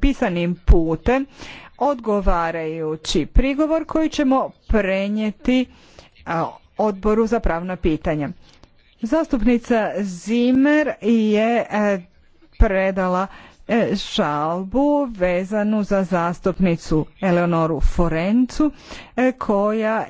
pisanim putem odgovarajući prigovor koji ćemo prenijeti odboru za pravna pitanja. Zastupnica Zimer je e, predala e, žalbu vezanu za zastupnicu Eleonoru Forencu e, koja